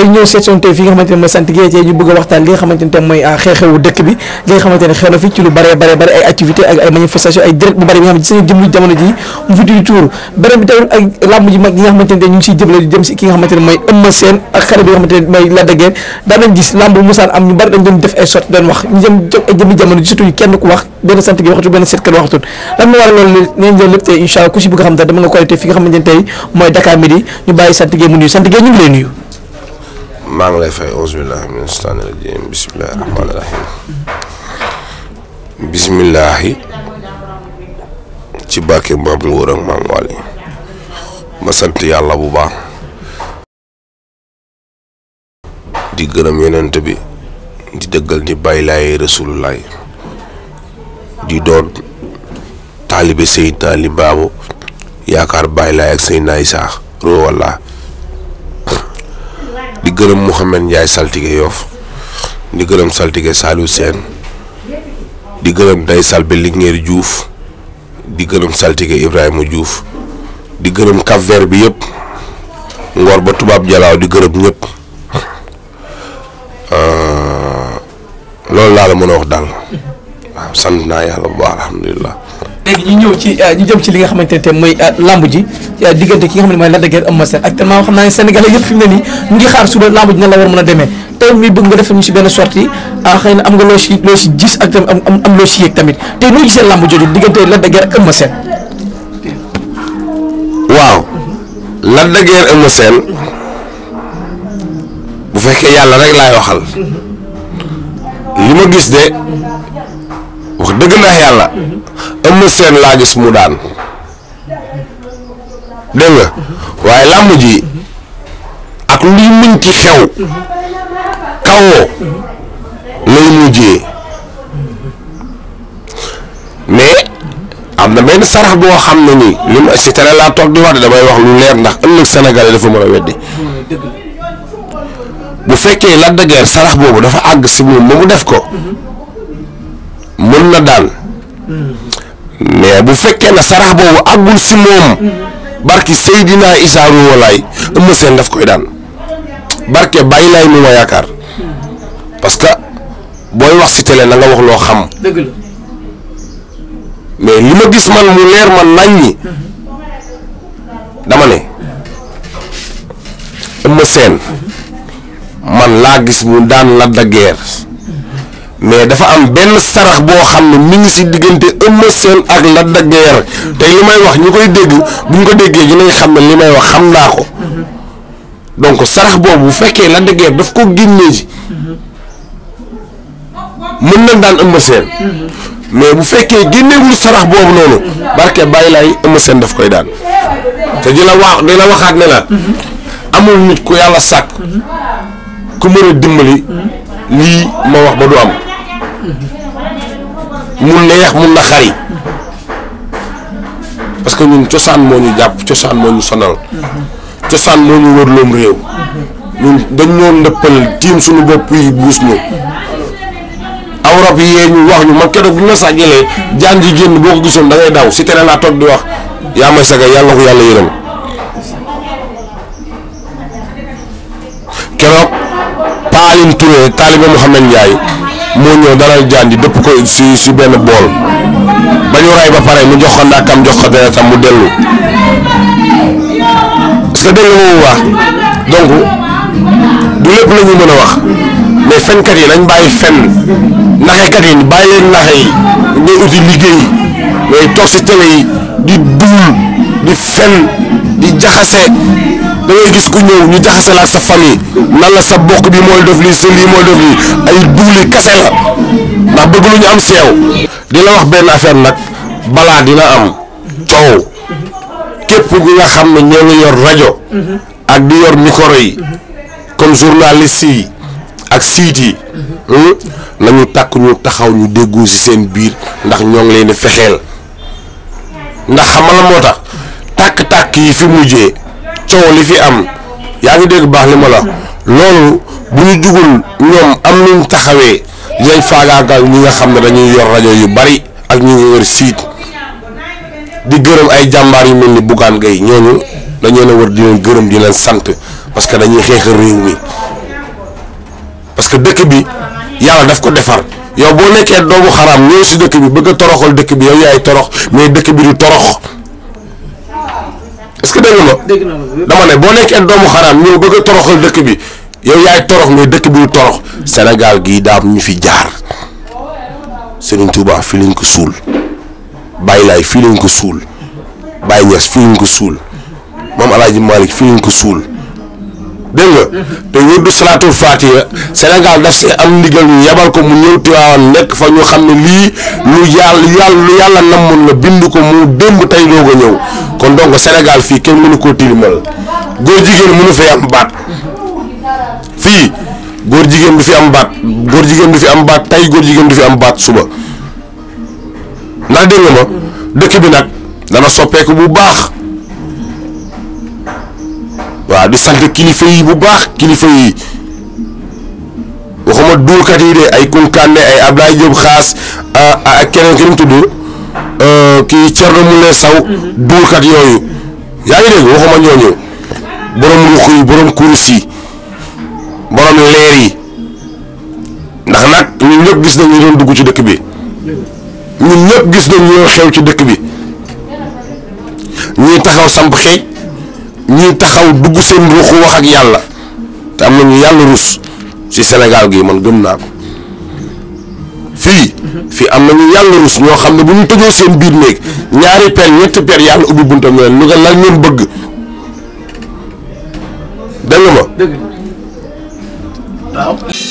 tey ñëw section tey fii nga xamante ne mooy sant Géej ñu bëgg a waxtaan li nga xamante ne tam mooy ah, xew-xewu dëkk bi li nga xamante ne xew na fi ci lu bare bare bare ay activité ak ay manifestation ay direct bu bare bi nga xam ne seen jëm jamono ji mu fi di tuur beneen bi tamit ak làmb ji mag yi nga xamante ne ñu ngi siy jëmale di jëm si ki nga xamante ne mooy Eumeu Sène ak xale bi nga xamante ne mooy Lac de Guiers daan nañ gis làmb bu musaan am ñu bari dañ doon def ay sot doon wax ñu jëm ay jëmi jamono ji surtout kenn ku wax benn sant gi waxtu benn seetkat waxatul lan la war a loolu neen loolu lépp tey incha allah ku si bëgg xam te dama nga collecté fi nga xamante ne tey mooy Dakar Midi ñu bàyyi sant gi mu nuyu sant gi ñu ngi lay nuyu maa ngi lay fay auzu billaahi mina shaytaani bismillaahi ci bàkke maam Ngor ak maam Waly ma sant yàlla bu baax di gërëm yonent bi di dëggal ni bay lay rasulullah di doon taalibe Seydina Limaamu yaakaar bàyyi laay ak Seydina Isaa ruuwallah di gërëm Mouhamed Ndiaye saltige Yoff di gërëm saltige Saliou seen di gërëm Ndeye Salbe Linguère Diouf di gërëm saltige Ibrahima juuf di gërëm Cap Vert bi yëpp ngoor ba tubaab jalaaw di gërëm ñëpp euh, loolu laa la mën a wax daal waaw sant naa yàlla bu baax alhamdulilah léegi ñu ñëw ci euh, ñu jëm ci li nga xamante ne mooy euh, lamb ji euh, diggante ki nga xam ne mooy Lac de Guiers Eumeu Sène actuellement xam na la war mën a demee tey mi bëgg nga defal ah, am nga loo si ak tam am am loo tamit te noo gisee lamb jooju diggante Lac de Guiers Eumeu Sène. waaw. Lac de Guiers Eumeu bu fekkee yàlla rek laay waxal li ma gis de wax dëgg na yàlla ëmm seen laa gis mu daan dégg nga waaye làmb ji ak luy mënti xew kawoo lay mujjee mais am na benn sarax boo xam ne nii li ma si tere laa toog di wax de damay wax lu leer ndax ëllëg Sénégalais dafa mën a weddi bu fekkee Lac de sarax boobu dafa àgg si moom ba mu def ko mën na daan mais bu fekkee na sarax boobu àggul si moom barki Seydina Issa Rouhou Laye Eumeu Sène daf koy daan barke bàyyi laay mu ma yaakaar parce que booy wax si télé na wax loo xam. dëgg la mais li ma gis man mu leer man nañ ñi dama ne Eumeu Sène man laa gis mu daan Lac de mais dafa am benn sarax boo xam ne mi ngi si diggante Eumeu Sène ak Lac de Guiers tey li may wax ñi koy dégg bu ñu ko déggee dinañ xam ne li may wax xam naa ko donc sarax boobu bu fekkee Lac de daf ko génnee ji mën nañ daan Eumeu seen mais bu fekkee génneewul sarax boobu noonu barke bàyyi laay Eumeu seen daf koy daan te di la wax di la waxaat ne la amul nit ku yàlla sàkk ku mën a dimbali lii ma wax ba du am mun na mun na xari parce que ñun cosaan moo ñu jàpp cosaan moo ñu sonal cosaan moo ñu wërloom réew ñun dañ ñoo ndëppal tiim suñu bopp yi buus ñu awrab yi yee ñu wax ñu man keroog bu ñu la sàjjalee jaan ji génn boo ko gisoon da ngay daw si tere laa toog di wax yaa may saga yàlla ko yàlla yërëm keroog paalin Touré taaliba Mouhamed Ndiaye moo ñëw dalal jaan ji dëpp ko si si benn bool ba ñu ba pare mu jox ko am jox ko deretam mu dellu parce que dégg nga bu du lépp la ñu mën a wax mais fenkat yi nañ bàyyi fenn naxekat yi bàyyi leen naxe yi ngay uti liggéey ngay toog si télé yi di duul di fen di jaxase. da gis ku ñëw ñu jaxasalaat sa fan famille nan la sa bokk bi mooy def lii sa lii mooy def lii ay duuli kase la ndax bëgg lu ñu am seew di wax benn affaire nag balaa dina am coow képp gi nga xam ne ñoo ngi yor rajo ak di yor micro yi comme journaliste yi ak siit yi hmm? nañu tàkk ñu taxaw ñu déggoo ci seen biir ndax ñoo ngi leen di fexeel ndax xamal moo tax tàkk-tàkk yi fi mujjee coow li fi am yaa ngi dégg baax li ma la loolu bu ñu jugul ñoom am nuñ taxawee dinañ faagaagal ñi nga xam ne dañuy yor rajo yu bari ak ñi ñu yor siit di gërëm ay jàmbaar yu mel ni Bougane Gueye ñooñu dañoo ne war di leen gërëm di leen sant parce que dañuy xeexal réew mi parce que dëkk bi yàlla daf ko defar yow boo nekkee doomu xaraam ñëw si dëkk bi bëgg a toroxal dëkk bi yow yaay torox mais dëkk bi du torox. dégg nga dama ne boo nekkee doomu xaraam ñu bëgg a toroxal dëkk bi yow yaay torox mais dëkk bi du torox Sénégal gii daam ñu fi jaar Serigne Touba fii lañ ko suul Baye Laye fii lañ ko suul Baye Niass fii lañ ko suul Mame El Hadj ko suul dégg nga te wërdu salaatul faatiha Sénégal daf see am ndigal ñu yebal ko mu ñëw Tiwaawan nekk fa ñu xam ne lii lu yàlla yàlla lu yàlla namoon la bind ko mu démb tey doog a ñëw. kon donc senegal fii kenn mënu koo tilimal góor jigéen mënu fee am baat fii góor jigéen du fi am baat góor jigéen du fi am baat tey góor jigéen du fi am baat suba ndax dégg nga ma dëkk bi nag dana soppeeku bu baax waaw di sant kilifa yi bu baax kilifa yi waxuma duulkat yi de ay Kounkandé ay Abdoulaye Diop Xaas ak ah, ah, keneen ki mu tudd Euh, kii Thierno Moule saw mhm. duurkat yooyu yaa ngi dégg waxuma ñooñu borom ruq yi borom kurus yi borom leer yi ndax nag ñun ñëpp gis nañ ñu doon dugg ci dëkk bi ñun ñëpp gis nañ doon xew ci dëkk bi ñuy taxaw samp xeej ñuy taxaw dugg seen ruq wax ak yàlla te am nañu yàlla rus ci Sénégal gi man gëm naa ko fii fii am nañu yàlla rus ñoo xam ne bu ñu tëjoo seen biir néeg ñaari per ñetti per yàlla ubbi buntam ne lu nga lan ngeen bëgg dégg ma